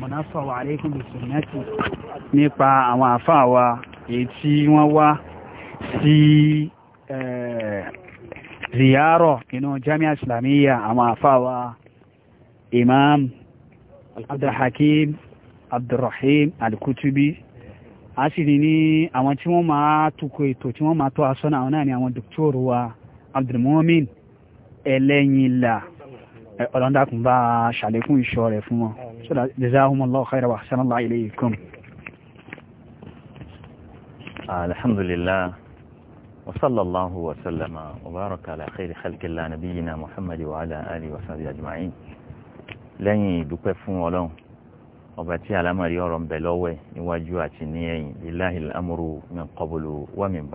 mọ̀nàfàwà aléìkùn ìsìnmẹ́tì nípa àwọn àfáàwà èyí tí wọ́n wá sí ziyarọ̀ inú jami'a islamiyya àwọn àfáàwà imam abdulhakim abdulrahim alkutubi a sì ní àwọn tí wọ́n máa tukọ̀ ètò tí wọ́n máa tọ́ asọ́nà àwọn náà ni àwọn dókítọ̀rù wa abdulmumin ẹlẹ́yìnlá ọlọ́ndàkùn bá ṣàlékún ìṣọ́ rẹ̀ fún wọn so that jazakumullahu khairan wa ahsanallahu ilaykum alhamdulillah wa sallallahu wa sallama wa baraka ala khairi khalqillah nabiyyina muhammad wa ala alihi wa sahbihi ajma'in lẹ́yìn ìdúpẹ́ fún ọlọ́run ọba tí alámọ̀rí ọ̀rọ̀ ń bẹ lọ́wọ́ ẹ̀ níwájú àti ní ẹ̀yìn lillahil amru min qablu wa min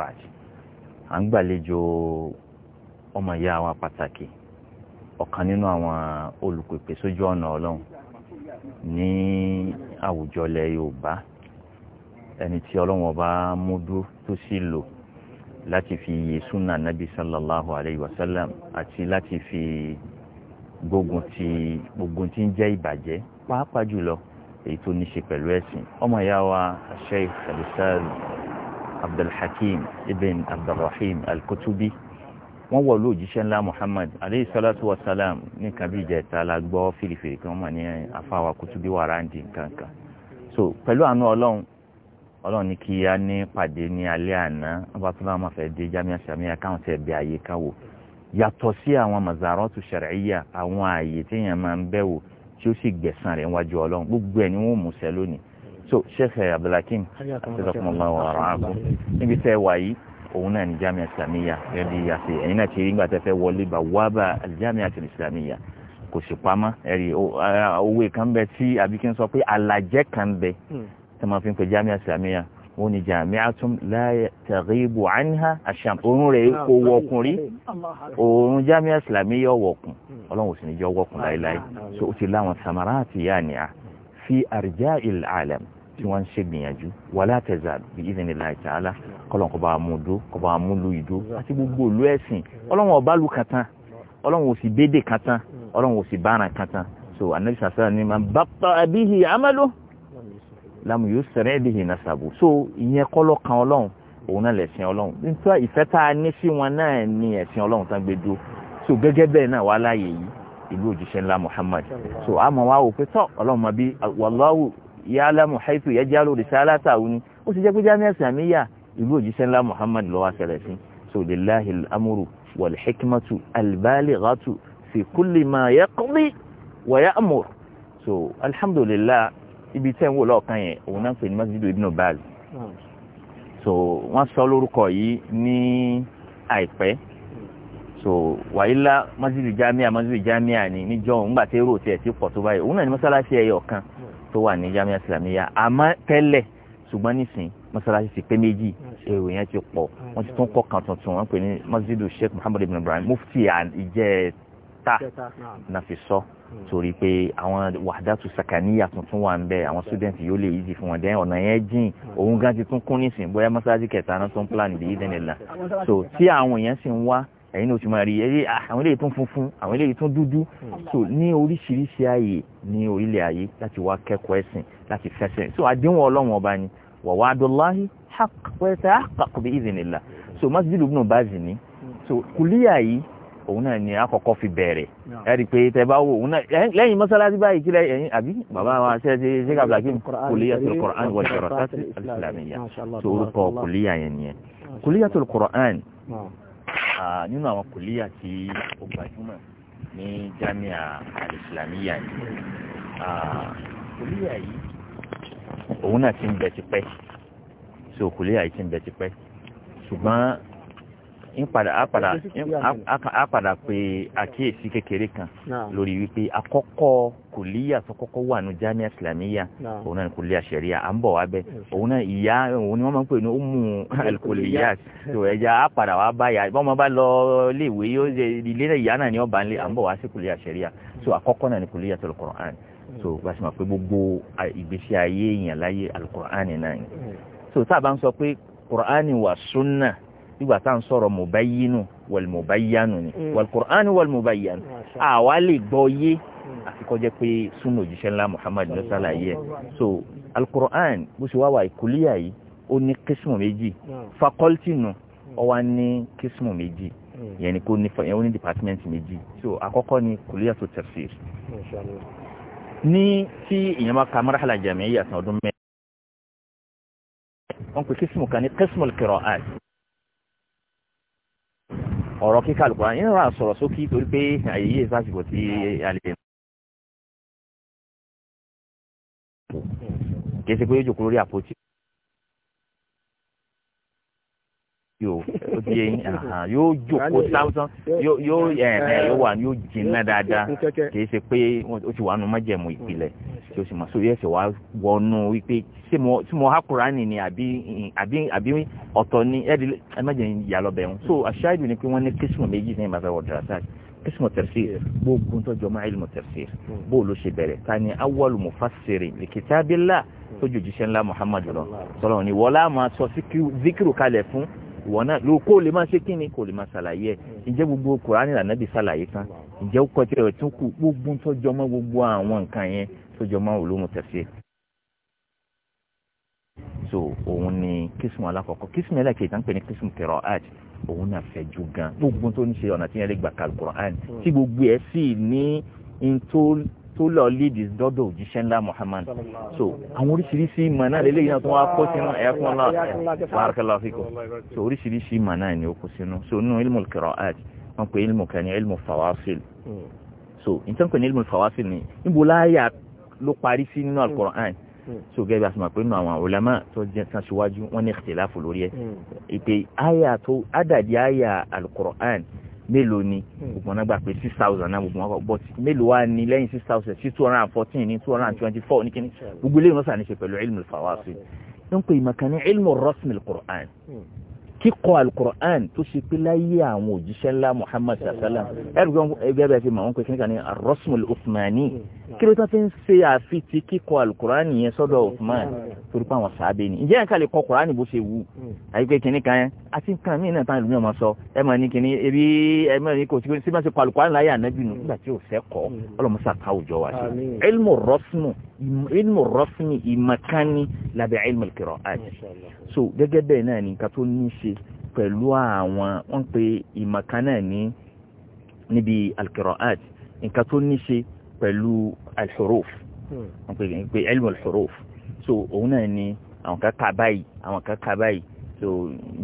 à ń gbàlejò ọmọ ìyá wa pàtàkì ọ̀kan nínú àwọn olùpèpè sójú ọ̀nà ọlọ́run ní àwùjọ ilẹ̀ yorùbá ẹni tí ọlọ́run ọba mú dúró tó sì lò láti fi yè súnà nábì sallallahu alayhi wa sallam àti láti fi gbógun ti gbógun ti ń jẹ́ ìbàjẹ́ pàápàá jùlọ èyí tó ní ṣe pẹ̀lú ẹ̀sìn ọmọ ìyá wa sheikh abdulsalam abdulhakeem ibn abdulrahim alkutubi. Al wọ́n wọ̀ ló òjíṣẹ́ ńlá Muhammad aleyhi salatu wa salam ní kabi ìjẹta la gbọ́ fìrìfìrì kan mọ̀ ní afáwa kutubi warandi kankan so pẹ̀lú àánú ọlọ́run ọlọ́run ní kí a ní pàdé ní alẹ́ àná abatúlá máa fẹ́ dé jamiu samiya káwọn tẹ̀ bẹ àyè káwò yàtọ̀ sí àwọn mazaratu shar'iyya àwọn àyè téèyàn máa ń bẹ̀wò tí ó sì gbẹ̀san rẹ̀ wájú ọlọ́run gbogbo ẹ̀ ni wọ́n mú sẹ́ lónìí so sheikh abdulhakeem àti wa rà á kú níbi tẹ́ wà òun náà ní jamiu islamiyya gẹ́gẹ́ bí àti ẹ̀yin náà ti rí nígbà tẹ́ fẹ́ wọlé bá wábà jamiu àti islamiyya kò sì pamọ́ ẹ̀rí owó kan bẹ tí àbíkí ń sọ pé alajẹ́ kan bẹ hmm. tí wọ́n fi ń pe jamiu islamiyya wọ́n ní jami'atun la taghibu anha asham òun rẹ̀ kò wọ̀kùn rí òun jamiu islamiyya wọ̀kùn hmm. ọlọ́run sì ní jẹ́ wọ̀kùn láéláé hmm. so ó ti láwọn samara àti yáàni à fi arja'il alam tí wọ́n ń ṣe gbìyànjú wàlá àtẹ̀zà bi'idhnillahi ta'ala kọ́lọ́n kọba àmúdó kọba àmúlò ìdó àti gbogbo òlú ẹ̀sìn ọlọ́run ọba lu kan tán ọlọ́run òsì bédè kan ọlọ́run òsì bára kan so anabi sàṣẹ́ra ni man baṭṭa'a bihi 'amaluhu lam yusri' bihi nasabuhu so ìyẹn kọ́lọ́ kan ọlọ́run òun náà lẹ̀sìn ọlọ́run nítorí ìfẹ́ tá a ní sí wọn náà ni ẹ̀sìn ọlọ́run tán gbé dúró so gẹ́gẹ́ bẹ́ẹ̀ náà wà láàyè yìí ìlú òjíṣẹ́ ńlá Muhammad so àmọ́ wa wò pé tọ́ ọlọ́run mọ̀ bí wàláwù ya'lamu haythu yaj'alu risalatahu ni ó sì jẹ́ pé jamiu islamiyya ìlú òjíṣẹ́ ńlá muhammad lọ́wọ́ ṣẹlẹ̀ sí so lillahi al-amru wal hikmatu al-balighatu fi kulli ma yaqdi wa ya'mur so alhamdulillah ibi tẹ́ ń wò lọ́ọ̀kan yẹn òun náà pè ní masjidu ibn baz so wọ́n sọ lórúkọ yìí ní àìpẹ́ so wàhálà masjidu jamia masjidu jamia ni níjọ́ òun gbà tẹ́ rò tiẹ̀ ti pọ̀ tó báyìí òun náà ní mọ́sálásí ẹyọ kan tó wà ní jamiu islamiyya àmọ́ tẹ́lẹ̀ ṣùgbọ́n nísìn mọ́sálásí ti pé méjì èrò yẹn ti pọ̀ wọ́n ti tún kọ́ kan tuntun wọ́n pè ní masjidu sheikh muhammad ibn ibrahim mufti ìjẹta ta fi sọ torí pé àwọn wàdàtú sakaniya tuntun wà ń bẹ àwọn student yóò lè easy fún wọn dẹ́n ọ̀nà yẹn jìn òun gan ti tún kún nísìn bóyá mọ́sálásí kẹta náà tún plan ìdíyí dẹ́nìlá so tí àwọn èèyàn sì ń wá ẹ̀yin oṣù máa rí eré ah, àwọn eléyìí tún funfun àwọn eléyìí tún dúdú hmm. so ní oríṣiríṣi ààyè ní orílẹ̀ ayé láti wá kẹ́kọ̀ọ́ ẹ̀sìn láti fẹsẹ̀ so àdéhùn ọlọ́run ọba ni wàwádọ́láhí haq pẹ́ẹ́sẹ́ haq bí ìzìnìlá so masjid ibn bazi ni so kùlíyà yìí òun náà ni àkọ́kọ́ fi bẹ̀rẹ̀ ẹ̀rí pé tẹ bá wo òun náà lẹ́yìn mọ́sálásí báyìí kílẹ̀ ẹ̀yìn àbí bàbá wa ṣe ṣe ṣe ká bàbá kí n kùlíyàtul Qur'an wal dirasat al-islamiyya so orúkọ kùlíyà yẹn nìyẹn kùlíyàtul Qur'an nínú àwọn kòlíyà tí ó gbajúmọ̀ ní jami'a al-islamiyya ni kòlíyà yìí òun náà ti ń bẹ tipẹ́ so kòlíyà yìí ti ń bẹ tipẹ́ ṣùgbọ́n a padà pé àkíyèsí kékeré kan lórí wípé àkọ́kọ́ kòlíyà tó kọ́kọ́ wà ní jami'a islamiyya òun náà kòlíyà sẹ̀ríà à ń bọ̀ wá bẹ́ òun náà ìyá òun ni wọ́n máa ń pè ní umu alkòlíyà tó ẹja á padà wá báyà bọ́n máa bá lọ léèwé yóò ṣe ilé ìyá náà ni ọba ńlẹ̀ à ń bọ̀ wá sí kòlíyà sẹ̀ríà so àkọ́kọ́ náà ni kòlíyà tó Al-Qur'an so bá ṣe máa pé gbogbo ìgbésí ayé èèyàn láyé Al-Qur'an so tá a bá ń sọ pé Qur'an wà sunnah nígbà tá à ń sọ̀rọ̀ mùbáyínú wàlmùbáyánù ni wàlkùránù wàlmùbáyánù àwa lè gbọ́ yé mm. àfikọ́ jẹ́ pé súnà òjíṣẹ́ ńlá muhammad ló ṣàlàyé so alukur'an bó ṣe wá wà ìkúlíyà yìí ó ní kísmù méjì fakọ́lítì nù ọ wá ní kísmù méjì mm. yẹn ni kò ní fọ yẹn ó ní department méjì so àkọ́kọ́ ni kúlíyà tó tafsir ní tí ìyẹn bá ka marhala jamiya ọdún mẹ́rin wọ́n pe kísmù kan ní kísmù kìrọ̀ àti ọ̀rọ̀ kíkà lùkùrá yìí wà sọ̀rọ̀ sókí torí pé àyè yìí sásìkò tí a lè mú kí ẹ ṣe pé yóò jòkó lórí àpótí yóò ó di eyín yóò jókòó sáwùsán yóò ẹ̀ẹ́dẹ̀ eh, yóò wà yóò jìnnà dáadáa kì í ṣe pé ó ti wà nù májẹ̀mú ìpìlẹ̀ tí o sì mọ̀ sórí ẹ̀sẹ̀ wá wọnú wípé ṣé mo há kúránì ni àbí ọ̀tọ̀ ni ẹ má jẹ́ ìyàlọ́ bẹ̀rù so aṣáájú ni pé wọ́n ní kísmù méjì ní ìbáfẹ́ wọ̀ dàrásáàtì kísmù tẹ̀síìr gbogbo tó jọmọ́ ilmu tẹ̀síìr hmm. bó ló ṣe bẹ̀rẹ̀ ta ni awwalu mufassiri li kitabillah tó jòjì ṣẹ́ńlá muhammadu lọ hmm. sọlọ́run ni wọ́lá máa sọ zikiru kalẹ̀ fún ìwọ náà ló kó lè máa ṣe kí ni kó lè máa ṣàlàyé ẹ ǹjẹ́ gbogbo kùránì lànàbí ṣàlàyé tán ǹjẹ́ ó kọjá ẹ̀ tún kù gbogbo tọ́jọ́ mọ́ gbogbo àwọn nǹkan yẹn tọ́jọ́ mọ́ òlóhùn tẹ̀sí. so òun ni kísùn alákọ̀ọ́kọ́ kísùn ẹlẹ́kẹ̀ẹ́ ìtàn pé ní kísùn kẹrọ aj òun náà fẹ́ ju gan gbogbo tó ń ṣe ọ̀nà tí yẹn lè gbà kàlùkùránì tí gbogbo ẹ̀ sì ní ntó tó lọ líìdì dọ́dọ̀ òjíṣẹ́ ńlá Muhammad so àwọn oríṣiríṣi ìmọ̀ náà lélẹ́yìn náà tó wá kó sínú ẹ̀kún náà barakallahu fikum so oríṣiríṣi ìmọ̀ náà ni ó kó sínú so nínú ilmu al-qira'at wọ́n pè ilmu kan ní ilmu fawasil so nǹkan kan ní ilmu fawasil ni níbo láyà ló parí sí nínú al-Qur'an so gẹ́gẹ́ bá a sọ ma pé nínú àwọn ulama tó jẹ́ kan síwájú wọ́n ní ikhtilafu lórí ẹ̀ hmm. ìpè àyà tó àdàdì àyà al-Qur'an mélòó ni hmm. gbogbo wọn gbà pé six thousand náà gbogbo wọn kọ but mélòó wa ni lẹ́yìn six thousand six two hundred and fourteen ní two hundred and twenty four ní kíni gbogbo eléyìí wọn sàn ní ṣe pẹ̀lú ilmu fawasi ló hmm. ń pè ìmọ̀kan ní ilmu rọ́sìmìlì qur'an hmm kíkọ alukur'an tó ṣe pé láyé àwọn òjíṣẹ́ ńlá muhammad sallam ẹ̀rùgbọ́n ẹgbẹ́ bẹ́ẹ̀ fi màwọn pé kíníkà ní arosmul uthmani kí ló tán fi ń ṣe àfi ti kíkọ alukur'an yẹn sọ́dọ̀ uthman torí pé àwọn sàábẹ́ ni ìjẹ́ ẹ̀ka lè kọ kur'an bó ṣe wù àyíké kíníkà yẹn àti nǹkan mí náà táwọn ìlú ọmọ sọ ẹ máa ní kíní ebi ẹ máa ní kò sí máa ṣe kọ alukur'an láyé ànábì nù nígbà tí ò ilmu rosmu ilmu rosmi ilmu kìrọ̀ àti so gẹ́gẹ́ bẹ́ẹ̀ náà ní ká tó ní ṣe ṣe pẹ̀lú àwọn wọ́n pe ìmọ̀kan náà ní níbi alqiraat nǹkan tó ní ṣe pẹ̀lú alhuruf hmm. wọ́n pe pé ilmu alhuruf so òun náà ni àwọn kan kà báyìí àwọn kan kà báyìí so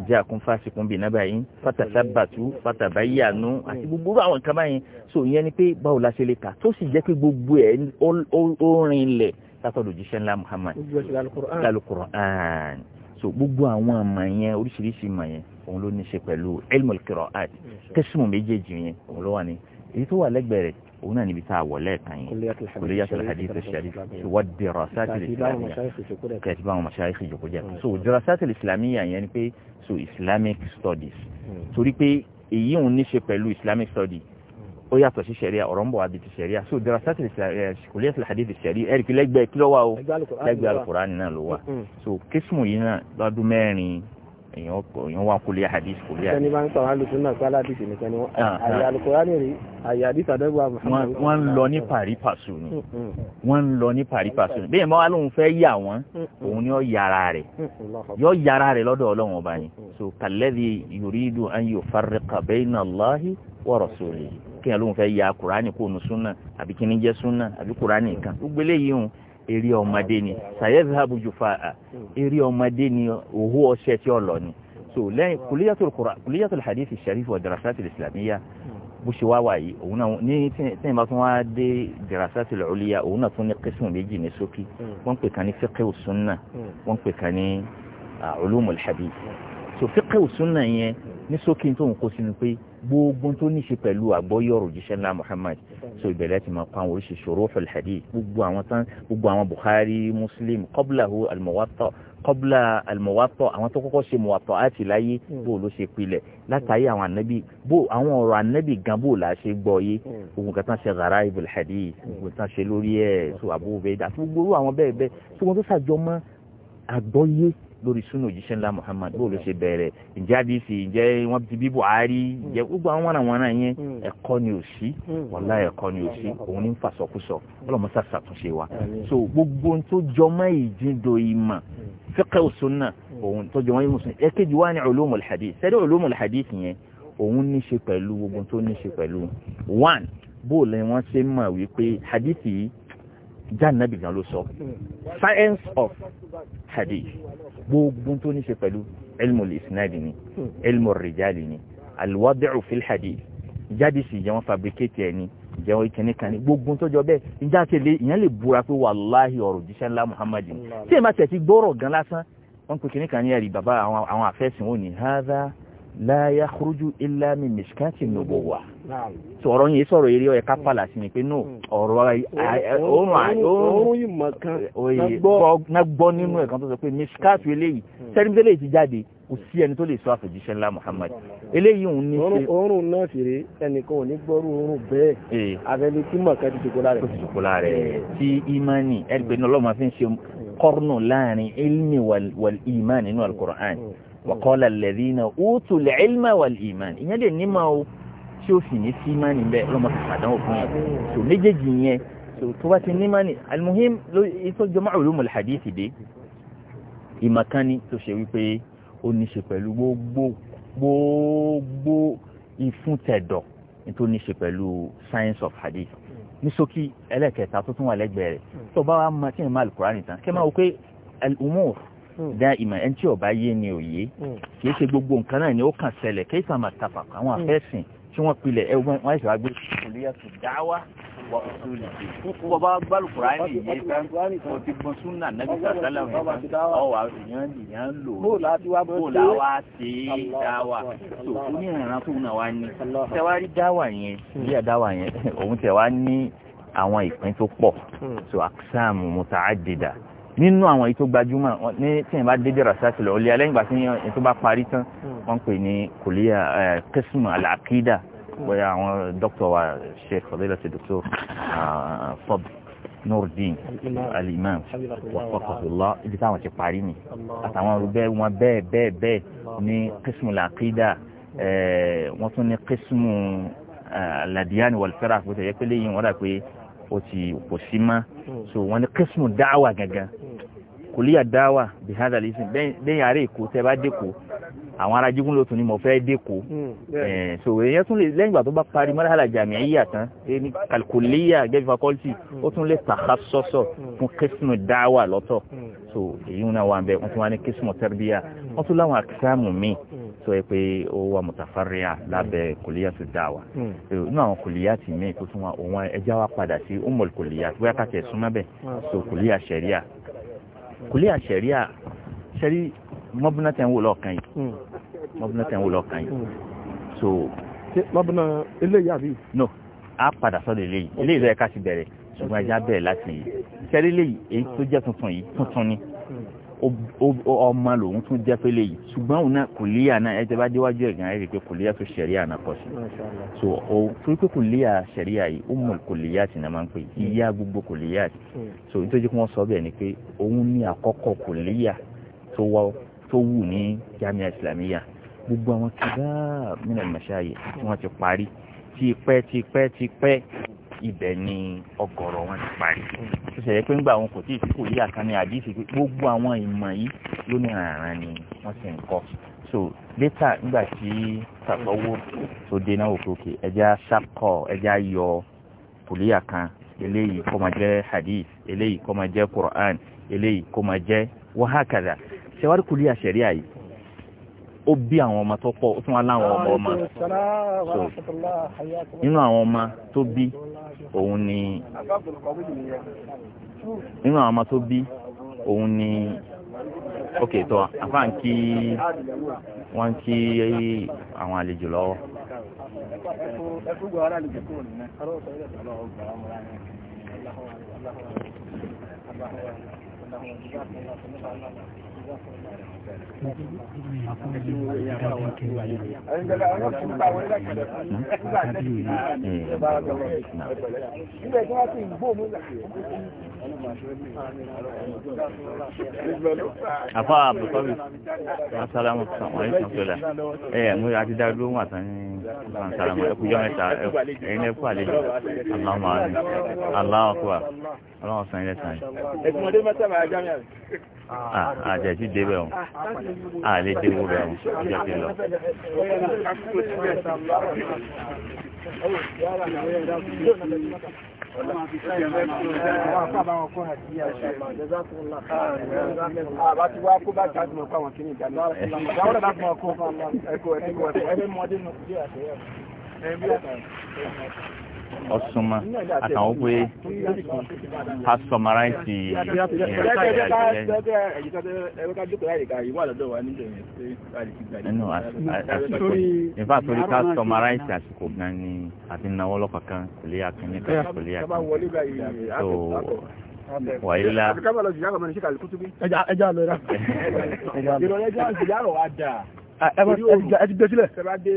jaakum fasikun bi nabayin fatasabatu fatabayanu àti gbogbo àwọn kan báyìí so ìyẹn ni pé báwo la ṣe lè kà tó sì jẹ́ pé gbogbo ẹ̀ ó rin ilẹ̀ látọ̀dọ̀ jíṣẹ́ ńlá Muhammad lálùkùrọ̀ so gbogbo àwọn àmà yẹn oríṣiríṣi ìmọ̀ yẹn òun ló ní ṣe pẹ̀lú elmul qira'at kẹsìmù méjèèjì yẹn òun ló wà ní èyí tó wà lẹ́gbẹ̀ẹ́ rẹ̀ òun náà níbi tá a wọ̀ lẹ́ẹ̀kan yẹn kulliyatul hadith ash-sharif wa dirasatil islamiyya kẹsì báwọn mashayikh ìjòkó jẹ so dirasatil islamiyya yẹn ni pé so islamic studies hmm. torí pé èyí òun ní ṣe pẹ̀lú islamic studies ó yàtọ̀ sí sẹ̀ríà ọ̀rọ̀ ń bọ̀ àdìtì sẹ̀ríà so dirasat kòlíyàtì àdìtì sẹ̀ríà ẹ̀rì kí lẹ́gbẹ̀ẹ́ kí ló wà o lẹ́gbẹ̀ẹ́ alukurani náà ló wà so kísmù yìí náà lọ́dún mẹ́rin èèyàn wá kòlíyà àdìtì kòlíyà. sani máa ń sọ àwọn alùpùpù náà pé aládìtì nìkan ni wọn ah, ah. àyà alukurani rí àyà àdìtì àdẹ́gbà muhammad. wọ́n ń lọ ní pari pàṣù ni wọ́n ń lọ ní pari pàṣù ni bẹ́ẹ̀ máa lóun fẹ́ yà wọ́n òun ni yóò yára rẹ̀ yóò yára rẹ̀ lọ́dọ̀ ọlọ́run ọba ni so kéèyàn lóun fẹ́ ya kùránì kó nu súnà àbí kíní jẹ́ súnà àbí kùránì kan gbogbo eléyìí hùn eré ọmọdé ni sayẹ́fẹ́hábù jùfà à eré ọmọdé ni òhó ọṣẹ tí ó lọ ni so lẹ́yìn kùlíyàtò hadithi sharif wa darasati islamiyya bó ṣe wá wáyé òun náà ní tẹ́yìn bá tún wá dé darasati al-ulya òun náà tún ní qismu méjì ní sókí wọ́n pè kan ní fiqhu sunna wọ́n pè kan ní ah, ulumul so fiqhu sunna yẹn ní sókí tó ń kó sínú pé gbogbo tó ní ṣe pẹ̀lú àgbọ́yọ̀rò jíṣẹ́ ńlá muhammad so ìbẹ̀rẹ̀ ti máa pa àwọn oríṣi shuruhul hadith gbogbo àwọn tán gbogbo àwọn bukhari muslim qablahu al-muwatta qabla al-muwatta àwọn tó kọ́kọ́ ṣe muwatta àti láyé bó ló ṣe pilẹ̀ látàrí àwọn ànábì bó àwọn ọ̀rọ̀ ànábì gan bó là á ṣe gbọ́ yé ogun kan tán ṣe gharaibul hadith ogun tán ṣe lórí ẹ̀ so àbúrò bẹ́ẹ̀ dà tó gbogbo àwọn bẹ́ẹ̀ bẹ́ẹ̀ lórí súnà òjíṣẹ́ ńlá Muhammad bó ló ṣe bẹ̀rẹ̀ ǹjẹ́ àdìsí ǹjẹ́ wọ́n ti bí Buhari ǹjẹ́ gbogbo àwọn wọn àwọn yẹn hmm. ẹ̀kọ́ ni ò sí hmm. wàlá ẹ̀kọ́ ni ò sí òun ní fàṣọkúsọ hmm. ọlọ́mọṣà ṣàtúnṣe wa so gbogbo ohun tó jọmọ́ ìdíndò ìmọ̀ fiqh súnà òun tó jọmọ́ ìmọ̀ súnà ẹ̀kejì wa ni ulumul hadith jánàbì gan ló sọ science of hadith gbogbo tó ní ṣe pẹ̀lú elmo lisnadi ni elmo rijali ni alwadi'u fil hadith jáde sí ìjẹun fabricate ẹ ni ìjẹun ìkíní kan ni gbogbo tó jọ bẹ́ẹ̀ ìjà tẹ̀lé ìyẹn lè búra pé wàláhì ọ̀rọ̀ jíṣẹ́ ńlá muhammad ni tí èèmà tẹ̀ ti gbọ́rọ̀ gan lásán wọ́n pe kíní kan ní ẹ̀rí bàbá àwọn àfẹ́sìn òní hádà la yakhruju illa min mishkati nubuwa sọ̀rọ̀ yìí sọ̀rọ̀ eré ọ̀yẹ́ ká pàlà sí ni pé no ọ̀rọ̀ oòrùn gbọ́ nínú ẹ̀kan tó sọ pé mishkati eléyìí hmm. sẹ́rìndínlẹ̀ ti jáde kò sí ẹni tó lè sọ àfẹ̀jíṣẹ́ ńlá Muhammad eléyìí òun ní ṣe oòrùn náà sì rèé ẹnìkan ò ní gbọ́rú oòrùn bẹ́ẹ̀ eh. abẹ́ni tí mọ̀ọ́ká ti tòkó láàrẹ̀ ti tòkó láàrẹ̀ eh. tí imani ẹ̀rí ní ọlọ́run fi ń ṣe kọ́rùnù láàrin ilmi wal iman nínú al-Qur'an hmm wàkọ́lá lẹ́dínà òótù lẹ́ẹ̀lmà wà ìmán ìyẹn lè ní máa tí ó sì ní sí ìmán níbẹ̀ ọlọ́mọ fi pàdánwò fún yẹn tó méjèèjì yẹn tó bá ti ní ìmán ní alimuhim ló ètò jọmọ ulumul hadith dé ìmàkánni tó ṣe wípé ó ní ṣe pẹ̀lú gbogbo gbogbo ìfúntẹ̀dọ̀ tó ní ṣe pẹ̀lú science of hadith ní ṣókí ẹlẹ́kẹta tó tún wà lẹ́gbẹ̀ẹ́ rẹ̀ tó bá wà máa tí ì Hmm. dá ìmọ̀ ẹni tí ọba yé ni òye hmm. kì í ṣe gbogbo nǹkan náà ni ó kàn ṣẹlẹ̀ kí ìsàmà tapà àwọn hmm. afẹ́sìn tí wọ́n pilẹ̀ ẹ wọ́n ṣe wá gbé olóyè tó dá wá wà òṣèlú kó bá gbàlùkùrá ní ìyẹn tán kò ti gbọ́n súnà nẹ́bí sàtálà wọn tán ọwà ìyẹn ìyẹn lò kó làwa ṣe é dáwà tó fún ní ìrànlá tó náà wá ní tẹwárí dáwà yẹn bí àdáwà yẹn òun tẹwàá ní àwọn ìpín tó pọ̀ tó àkísàmù mùtàádìdà nínú àwọn èyí tó gbajúmọ̀ ní tí ìyẹn bá dédé rasasi lọ ọlẹ́ alẹ́yìn ìgbà tí ìyẹn tó bá parí tán hmm. wọ́n pè ní kòlíyà kẹsìmù alákídà hmm. bóyá àwọn dókítà wa sheikh fadila ti dókítà fob nurdin alimam wàfọ́kọ̀tòlá ibi táwọn ti parí ni àtàwọn ọ̀rọ̀ wọn bẹ́ẹ̀ bẹ́ẹ̀ bẹ́ẹ̀ ní kẹsìmù alákídà wọ́n tún ní kẹsìmù aladiyan wàlfẹ́rà pé tẹ̀yẹ́ pé léyìn wọ́n dà pé ó ti kò sí mọ́ so wọ́n ní kẹ́sùn dáwà gangan kòlíyà dáwà bí hàn dàlí sìn bẹ́ẹ̀ àárẹ̀ èkó tẹ́ bá dẹ́kọ̀ àwọn ará jígun ló tún ní mo fẹ́ dẹ́kọ̀ hmm, eh, so èyàn tún lè lẹ́yìn ìgbà tó bá parí mọ́lá jàmíà yíyà tán ní kòlíyà gẹ́gẹ́ fakọ́lítì ó tún lè tàkà sọ́sọ̀ fún kẹ́sùn dáwà lọ́tọ̀ hmm. so èyí náà wà bẹ́ẹ̀ wọ́n tún wá ní kẹ́sùn tẹ́rbíyà hmm. wọ́n tún láwọn àkísàmù míì sọ yẹ pé ó wà mùtàfàríà lábẹ́ hmm. kòlíyàtù wa hmm. inú àwọn kòlíyàtì míì kó tún wà òun ẹja wa padà sí umol kòlíyàtì bóyá kàtẹ́ súnmọ́ bẹ́ẹ̀ hmm. so kòlíyà sẹ̀ríà kòlíyà sẹ̀ríà sẹ́rí mọ́bùnà tẹ̀ ń wò lọ́ọ̀kan yìí mọ́bùnà tẹ̀ ń wò lọ́ọ̀kan yìí so. mọ́bùnà eléyìí àbí. no a padà sọ́dọ̀ eléyìí eléyìí lọ́ọ́ yẹ ká ti bẹ̀rẹ̀ ṣùgbọ́n ẹja bẹ̀rẹ̀ láti yìí sẹ́rí eléyìí èyí tó jẹ́ tuntun yìí tuntun ni ọmọ lòun tún jẹ́ pélé yìí ṣùgbọ́n òun náà kò líyà náà ẹ tẹ́ bá déwájú ẹ̀gán ẹ̀ rí i pé kò líyà tó ṣẹ̀ríà náà pọ̀ sí i so o torí pé kò líyà ṣẹ̀ríà yìí ó mọ̀ kò líyà tì náà máa ń pè hmm. ìyá gbogbo kò líyà tì hmm. so nítorí jẹ́ kí wọ́n sọ bẹ́ẹ̀ ni pé òun ní àkọ́kọ́ kò líyà tó wù ní jamia islamiyya gbogbo àwọn kìlá mìíràn mọ̀ṣáyè wọ́n ti parí ti ibẹ̀ ni ọ̀gọ̀rọ̀ wọn ti parí ó ṣe pé ńgbà wọn kò tí ì kò yí àdìsí pé gbogbo àwọn ìmọ̀ yìí ló ní àràn ni wọ́n sì ń kọ́ so later ńgbà tí tàbọ̀wọ́ tó dé náà òkè òkè ẹja ẹja yọ kòlíyà kan eléyìí kó máa jẹ́ hadith eléyìí kó máa jẹ́ quran eléyìí kó máa jẹ́ wàhákàdà ṣẹwárí kòlíyà ṣẹ̀ríà ó bí àwọn ọmọ tó pọ̀ ó tún wá láwọn ọmọ ọmọ òun ni nínú àwọn ọmọ tó bí òun ni ok tó àfáà ń kí wọ́n ń kí àwọn àlejò lọ́wọ́. àfa àbùkọ́bì asalamu alaykum sọlá ẹ mú àti dá dúró wọn àtàn ní asalamu ẹkú jọ mẹ́ta ẹyin ẹkú àlejò aláwọ àlejò aláwọ kúwa aláwọ sàn àjẹ̀sí débẹ̀ o àlè dé wúrẹ̀ o ọjọ́ ti lọ. Thank you ọsúnmọ́ àtàwọn pé a sọmaráìsì nínú àsìkò ìfà torí ká sọmaráìsì àsìkò gan ni àti náwó lọ́kọ̀ọ̀kan kò lè yàtọ̀ ní ká kò lè yàtọ̀ so wàyílá ẹja lọ ẹja lọ ẹja lọ ẹja lọ ẹti gbé sílẹ̀. sẹba dé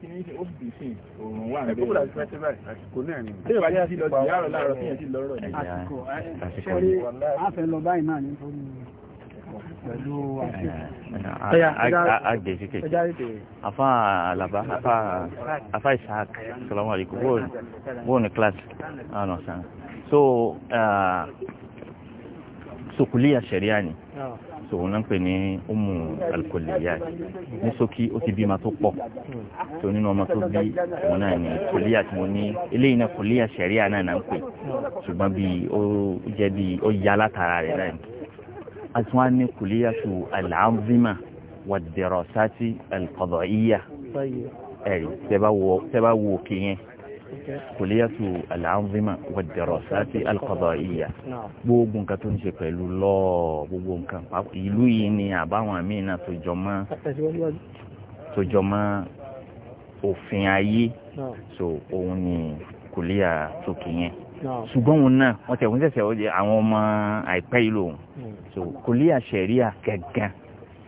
kìíní ṣe ó bì sí òòrùn wà níbẹ̀. ẹkọ́ bùdà ti fẹ́ àsìkò náà ni. ṣé ìbàdí àti lọ sí yàrá láàárọ̀ sí ẹ̀sìn lọ́rọ̀ ni. àsìkò ṣe rí àfẹ́ lọ báyìí náà nítorí pẹ̀lú àgbèsí kejì afa alaba afa afa isaac salamu alaykum bóun ni class ọ̀nà ah, sàn so sukuliya uh, sẹ̀ríà ni. Ah sòun náà ń pè ní umu alkoliyat ní sókí ó ti bímọ tó pọ̀ tó nínú ọmọ tó bí òun náà ní kòlíyà tí mo ní eléyìí náà kòlíyà sẹ̀ríà náà náà ń pè ṣùgbọ́n bí ó jẹ́ bí ó ya látara rẹ̀ láì a tún wá ní kòlíyà tó aláàzímà wà dẹ̀rọ̀ sátì alkọ̀dọ̀ ìyà ẹ̀rí tẹ́ bá wo òkè yẹn. كلية al والدراسات القضائية. dirasati al-qada'iyya gbogbo nǹkan tó ń ṣe pẹ̀lú lọ́ọ̀ تجمع nǹkan ìlú yìí ni àbáwọn míì náà tó jọ mọ́ tó jọ mọ́ òfin ayé so òun ni kòlíyà tókè yẹn ṣùgbọ́n òun náà wọ́n tẹ̀ tẹ̀sẹ̀ àwọn ọmọ àìpẹ́ yìí lòun hmm. so kòlíyà ṣẹ̀ríà gẹ́gẹ́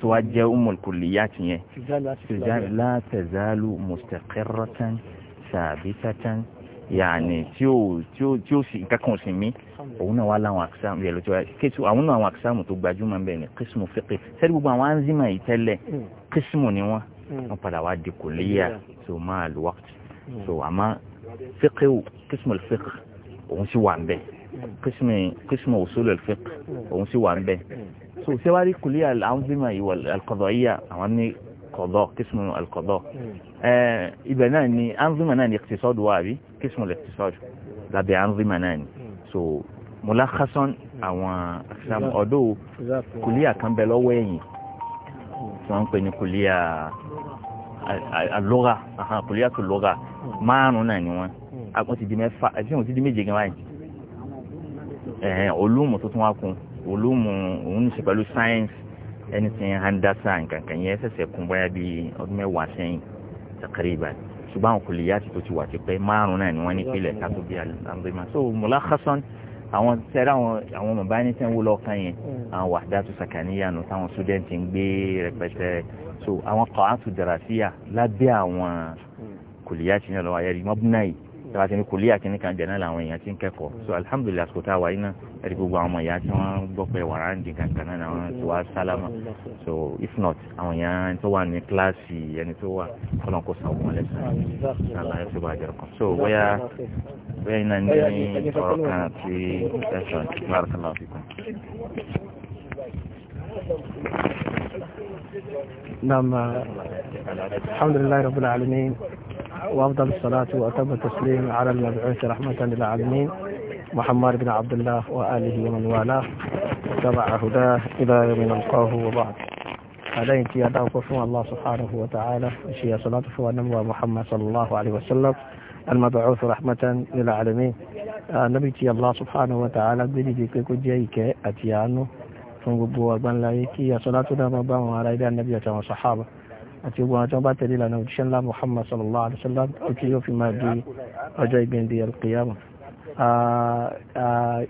tó wá jẹ́ umul kòlíyà tiyẹn la tazalu mustaqirratan. ثابتة yàní tí ó tí ó tí ó sì nǹkan kan sì mí òun náà wá láwọn àkísàmù rẹ lọ́jọ́ kéṣù àwọn náà àwọn àkísàmù tó gbajúmọ̀ bẹ́ẹ̀ ni kíṣmù fẹ́pẹ́ sẹ́ni gbogbo àwọn anzima yìí tẹ́lẹ̀ hmm. kíṣmù ni wọ́n hmm. wọ́n padà wá di kò léyà tó máa lù wákìtì tó hmm. àmọ́ fẹ́kẹ́ o kíṣmù fẹ́kẹ́ òun sì wà ń bẹ̀ kíṣmù kíṣmù òṣòlò fẹ́kẹ́ òun sì wà ń bẹ̀ tó sẹ́wárí kò léyà anzima yìí wà alqadaiya àwọn ní القضاء قسم القضاء إذا ناني أنظمة ناني اقتصاد وابي قسم الاقتصاد لا بأنظمة ناني so ملخصا أو أقسام أدو كلية كان سو سنقني كلية اللغة أها كلية اللغة ما ناني وان أكون تدي مفا أكون تدي مجي جمعين علوم تتواكم علوم ونشي بلو ساينس ẹni sẹ́yìn handasa kankan yẹn ṣẹ̀ṣẹ̀ kún bóyá bíi ọdún mẹ́wàá sẹ́yìn takriban ṣùgbọ́n àwọn kòlìyà ti tó ti wà ti pẹ́ márùn náà ni wọ́n ní pílẹ̀ kátó bíi alhamdulilayi so mulakhasan àwọn sẹ́rẹ́ àwọn àwọn bàbá ẹni sẹ́yìn wúlọ kan yẹn àwọn wahdatu sakaniya nù táwọn student ń gbé rẹpẹtẹ so àwọn qa'atu darasiya lábẹ́ àwọn kòlìyà ti ní ọlọ́wọ́ ayẹ́rì mọ́bùnáyì tàbá ti ní kò lé àkíní kan jẹ̀nà làwọn èèyàn ti ń kẹ́kọ̀ọ́ so alhamdulilayi àsìkò tá a wà yín náà ẹ̀rí gbogbo àwọn ọmọ ìyá tí wọ́n gbọ́ pé wàrà ń di kankan náà àwọn tí wàá sálámà so if not àwọn èèyàn tó wà ní kíláàsì ẹni tó wà kọ́nà kó sàn ògùn ẹlẹ́sìn ṣáàlà ẹ̀sìn bá jẹ̀rọ kan so bóyá bóyá iná ní ọ̀rọ̀ kan ti ẹ̀sán bárakàlá وأفضل الصلاة وأتم التسليم على المبعوث رحمة للعالمين محمد بن عبد الله وآله ومن والاه وتبع هداه إلى يوم نلقاه وبعد هذا انت يا الله سبحانه وتعالى اشياء صلاة فوانم محمد صلى الله عليه وسلم المبعوث رحمة للعالمين آه، نبي تي الله سبحانه وتعالى بني جيك جيك أتيانو فنقبوا أربان لايكي يا صلاة دام أربان وعلى النبي وصحابه àti ogun àjọ bá tẹ̀lé ìlànà òjíṣẹ́ ńlá Muhammad sallallahu alaihi wasallam òkè yóò fi máa di ọjọ́ ìgbìndì alkiyama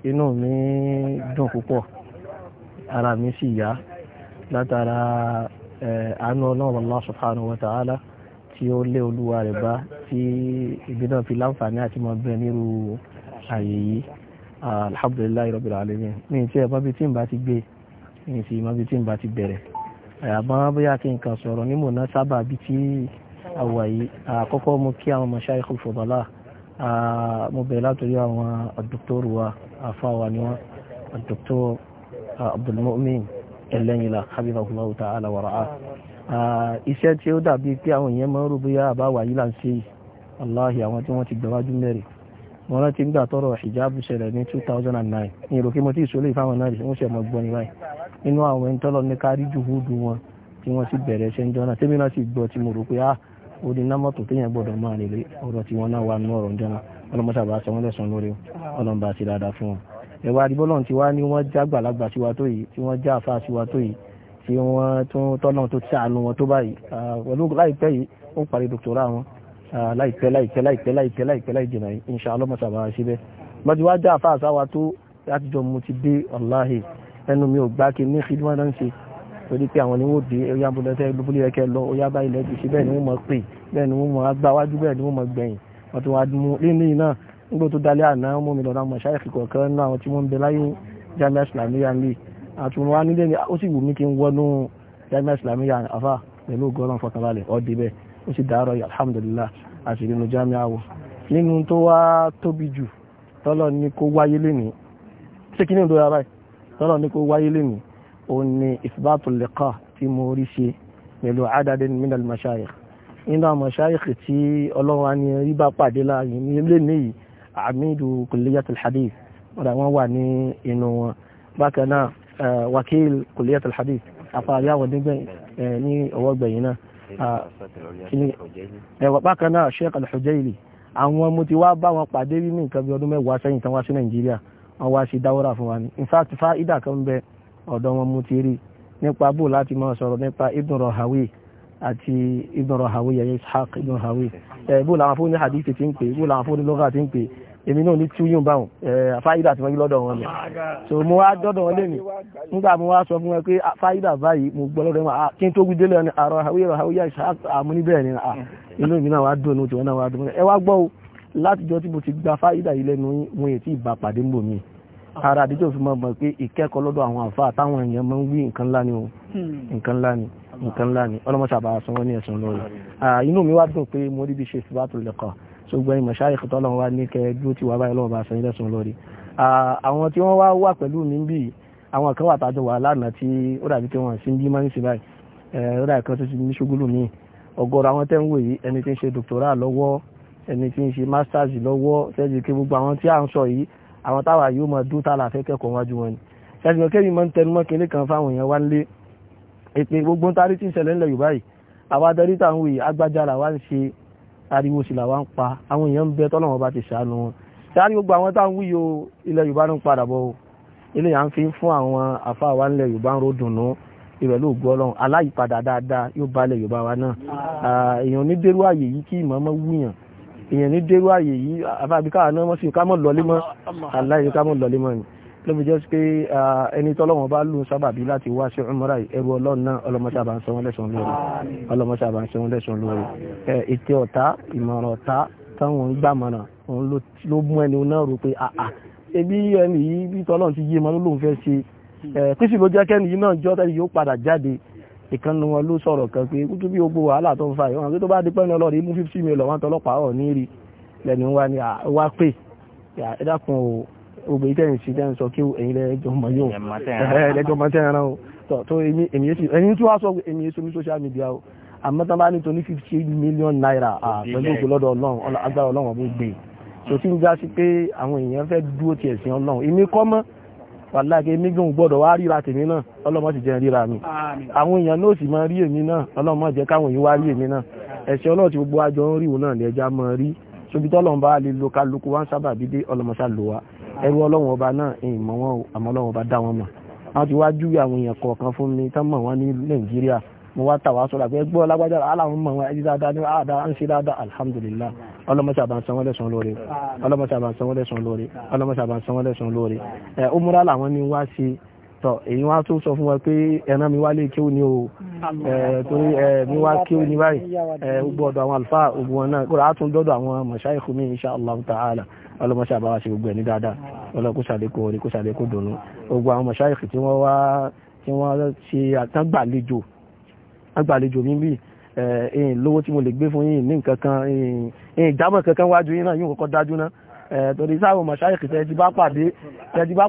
inú mi dùn púpọ̀ ara mi sì yá látara àánú ọlọ́run Allah subhanahu wa ta'ala tí ó lé olúwa rẹ̀ bá tí ìbí náà fi láǹfààní àti mọ̀ bẹ́ẹ̀ nírú àyè yìí alhamdulillahi rabbil alamin ní ìtí ẹ̀ mọ́bí tí ń bá ti gbé ní ìtí mọ́bí tí ń bá ti bẹ̀rẹ̀ àmọ́ bóyá kí n kàn sọ̀rọ̀ ní mọ̀nà sábà bíi tí àwà yìí àkọ́kọ́ mo kí àwọn mọ̀ṣáìkù fọ̀bọ́lá mo bẹ̀rẹ̀ látòrí àwọn àdókòrò wa àfáwà ni wọ́n àdókòrò abdulmumin ẹlẹ́yìnlá habibahullahu ta'ala wa ra'a iṣẹ́ tí ó dàbí pé àwọn èèyàn máa ń rò bóyá àbáwà yìí là yìí aláhi àwọn tí wọ́n ti gbẹ̀wájú mẹ́rin mo rántí ń gbà tọrọ hijabu ṣẹlẹ̀ ní 2009 ní ìròkè mo ti ìṣòlè ìfáwọn náà rí wọ́n ṣe mọ́ gbọ́n ní báyìí nínú àwọn ẹni tọ́lọ ní kárí jùhúdù wọn tí wọ́n sì bẹ̀rẹ̀ ṣe ń jọ́nà tẹ́mi náà sì gbọ́ tí mo rò pé ah ó di námọ̀ tó téèyàn gbọ́dọ̀ máa rèlé ọ̀rọ̀ tí wọ́n náà wà nínú ọ̀rọ̀ jọ́nà ọlọ́mọṣà bá sọ wọ́n lẹ́sàn lórí ọlọ́mọba sí dáadáa fún wọn. ẹ̀wà àdìbọ́lọ́n tí wá ní wọ́n já gbàlagbà síwá tó yìí tí wọ́n já àfa síwá tó yìí tí wọ́n tún tọ́nà tó ti dé ẹnu mi ò gbá kí ní fi wọ́n náà ń ṣe torí pé àwọn ni wọ́n dé oyá bọ́lá tẹ́ lóbúlé ẹ̀kẹ́ lọ oyá bá ilẹ̀ jùṣe bẹ́ẹ̀ ni wọ́n mọ̀ pé bẹ́ẹ̀ ni wọ́n mọ̀ agbáwájú bẹ́ẹ̀ ni wọ́n mọ̀ gbẹ̀yìn wọ́n ti wá mú lẹ́nu náà nígbà tó dalẹ́ àná mú mi lọ́dọ̀ àmọ̀ ṣáyẹ̀ kíkọ̀ kan náà àwọn tí wọ́n ń bẹ láyé jamiu islamiyah ń lè àtúnwò wá nílé ni ó sì wù mí kí n wọnú jamiu islamiyah afa pẹ̀lú gọ́ọ̀rọ̀ ni ìdóra báyìí tọ́lọ̀ ní kó wáyé lẹ́nu ó ní ìfibátò lẹ́kà tí mo rí ṣe pẹ̀lú adadin minal mashayikh nínú àwọn mashayikh tí ọlọ́run á ní rí bá pàdé láàyè ní ilé níyì amidu kulliyatul hadith wọ́n wọ́n wà ní inú wọn bákan náà wakil kulliyatul hadith ní ọwọ́ gbẹ̀yìn náà ẹwà bákan náà sheikh al àwọn mo ti wá bá wọn pàdé rí nǹkan bí ọdún mẹ́wàá sẹ́yìn tán wá sí nàìjíríà wọ́n wá ṣe dáwọ́rà fún wa ní in fact fáídà kan bẹ ọ̀dọ̀ wọn mú ti rí nípa bó láti máa sọ̀rọ̀ nípa hawi àti yẹn ishaq bó làwọn fún ní hadith ti ń pè bó làwọn fún ní lọ́gà ti ń pè èmi náà ní tíwíyùn báwọn wọ́n yí lọ́dọ̀ wọn so mo wá dọ́dọ̀ wọn lẹ́nu nígbà mo wá sọ fún wọn pé ah, fáyídà báyìí mo gbọ́ lọ́dọ̀ wọn ah, kí n tó gbídé lẹ́nu àrọ̀ àwíyẹ̀ àwíyẹ̀ àmúníbẹ̀ẹ́ ni ah, inú mi náà wá dùn ní ti wọn náà wá dùn ẹ wá gbọ́ látijọ́ tí mo ti gba fáyídà yìí lẹ́nu wọn èyí tí ìbá pàdé ń bò mí ara àdíjọ́ fi máa mọ̀ pé ìkẹ́kọ̀ọ́ lọ́dọ̀ àwọn àfà táwọn èèyàn máa ń wí nǹkan ńlá ni o hmm. nǹkan ńlá ni nǹkan ńlá ni ọlọ́mọṣàbà sọ wọ́n ní ẹ̀sùn lọ́rọ̀ inú mi wá dùn pé mo rí bí ṣe fi bá tó lẹ́kọ̀ọ́ ṣùgbọ́n ìmọ̀ ṣáyẹ̀ kọ́tọ́ lọ́wọ́ wá ní kẹ́ dúró tí wàá báyìí lọ́wọ́ bá sọ ní ẹ̀sùn lọ́rọ̀ àwọn tí wọ́n wá wà pẹ̀lú mi bí àwọn kan wà tájọ wà lánàá tí ó dàbí pé wọ́n sì ń bí mọ́ nísìnyí báyìí ó dàbí kan tó ti ní ṣogúlù mi ẹni tí ń ṣe masters lọ́wọ́ ṣẹ́jú kí gbogbo àwọn tí à ń sọ yìí àwọn táwa yóò mọ dúró tààlà fẹ́ kẹ́kọ̀ọ́ wájú wọn ni ṣẹ́jú kí èmi máa ń tẹnumọ́ kinní kan fáwọn èèyàn wá nílé èpè gbogbo tárí tí ń ṣẹlẹ̀ ńlẹ̀ Yorùbá yìí àwa adarí táwọn òye agbájá là wá ń ṣe ariwo sì là wá ń pa àwọn èèyàn ń bẹ tọ́lọ́wọ́n bá ti ṣàánú wọn ṣáájú gbogbo àwọn táwọn wíyo ilẹ̀ ń padà bọ̀ ilé Yorùbá ń rodùnú ìrẹ̀ ló gbọ́ lọ́hùn dáadáa yóò bá ilẹ̀ Yorùbá wa náà èèyàn onídérú àyè yìí kí ìmọ̀ọ́mọ́ wúyàn èèyàn ní dérú àyè yìí àbábí káà náà mọ́ sí ká mọ́ lọlé mọ́ aláìní ká mọ́ lọlé mọ́ ni ló fi jẹ́ sí pé ẹni tọ́lọ́wọ́n bá lù sábàbí láti wá sí umrah ẹrú ọlọ́run náà ọlọ́mọṣàbà ń sanwó lẹ́sàn lórí ebi ẹni yìí bí tọ́lọ́run ti yé mọ́ ló lóun fẹ́ ṣe písì ló jẹ́ ìkànnì wọn ló sọ̀rọ̀ kan pé kútú bí gbogbo wàhálà tó ń fa ìwọ̀n pé tó bá dípẹ́ ní ọlọ́rin mú fífí mi lọ wọn tọlọ́pàá ọ̀ ní rí lẹ́nu wa ni wá pè ẹ dákun o ògbè tẹ́ ń ṣe tẹ́ ń sọ kí ẹ̀yin lẹ́jọ́ mọ yóò lẹ́jọ́ mọ tẹ́ ẹran o tọ́ tó èmi èsì ẹ̀yin tí wàá sọ èmi èsì oní social media o àmọ́ tán bá ní tó ní fifty million naira pẹ̀lú òkú lọ́dọ̀ ọlọ́run agbára ọlọ́run ọ̀bùn gbé so tí ń já sí pé àwọn èèyàn fẹ́ dúró tiẹ̀ sí ọlọ́run èmi kọ́ mọ́ wàláàgé mígùn gbọ́dọ̀ wá ríra tèmi náà ọlọ́mọ ti jẹ́ ríra mi àwọn èèyàn náà sì máa rí èmi náà ọlọ́mọ jẹ́ káwọn èèyàn wá rí èmi náà ẹ̀ṣẹ̀ ọlọ́run ti gbogbo àjọ ń ríwò náà ní ẹja mọ́ rí ṣobi tọ́lọ́run bá lè lo kálukú wá ń sábà bí dé ọlọ́mọṣá lò wá ẹrú ọlọ́run ọba náà ẹ̀yìn mọ́ wọn àmọ́ ọlọ́run ọba dá wọn mọ̀ wọ́n ti wá júwe àwọn èèyàn kọ̀ọ̀kan fún mi tán mọ̀ wọ́n ní Nàìjíríà mo wá tàwa sọ́ra pé gbọ́ lágbájá aláwọn mọ̀ wọn ẹjídá dáadáa ní àdá ń ṣe dáadáa alhamdulillah ọlọ́mọṣẹ́ àbànsanwó lẹ́sàn lórí ọlọ́mọṣẹ́ àbànsanwó lẹ́sàn lórí ọlọ́mọṣẹ́ àbànsanwó lẹ́sàn lórí ẹ̀ ó múra làwọn ni wá sí tọ èyí wá tó sọ fún wa pé ẹran mi wá lè kí ó ní o torí mi wá kí ó ní báyìí gbogbo ọ̀dọ̀ àwọn àlùfáà gbogbo wọn náà kóra á tún dọ́dọ̀ àwọn mọ̀ṣáìkù mi insha Allah ta'ala ọlọ́mọṣẹ́ àbáwá ṣe gbogbo ẹ̀ ní dáadáa ọlọ́kú orí kó dùnú gbogbo àwọn mọ̀ṣáìkù tí wọ́n wá tí wọ́n ṣe àtàgbàlejò agbàlejò mi bí ẹ̀yìn lówó tí mo lè gbé fún yín ní nǹkan kan ẹ̀yìn ìjámọ̀ kankan wájú yín náà yóò kọ́kọ́ dájú náà torí sáwọn mọ̀ṣáyìkì tẹ́ ti bá pàdé tẹ́ ti bá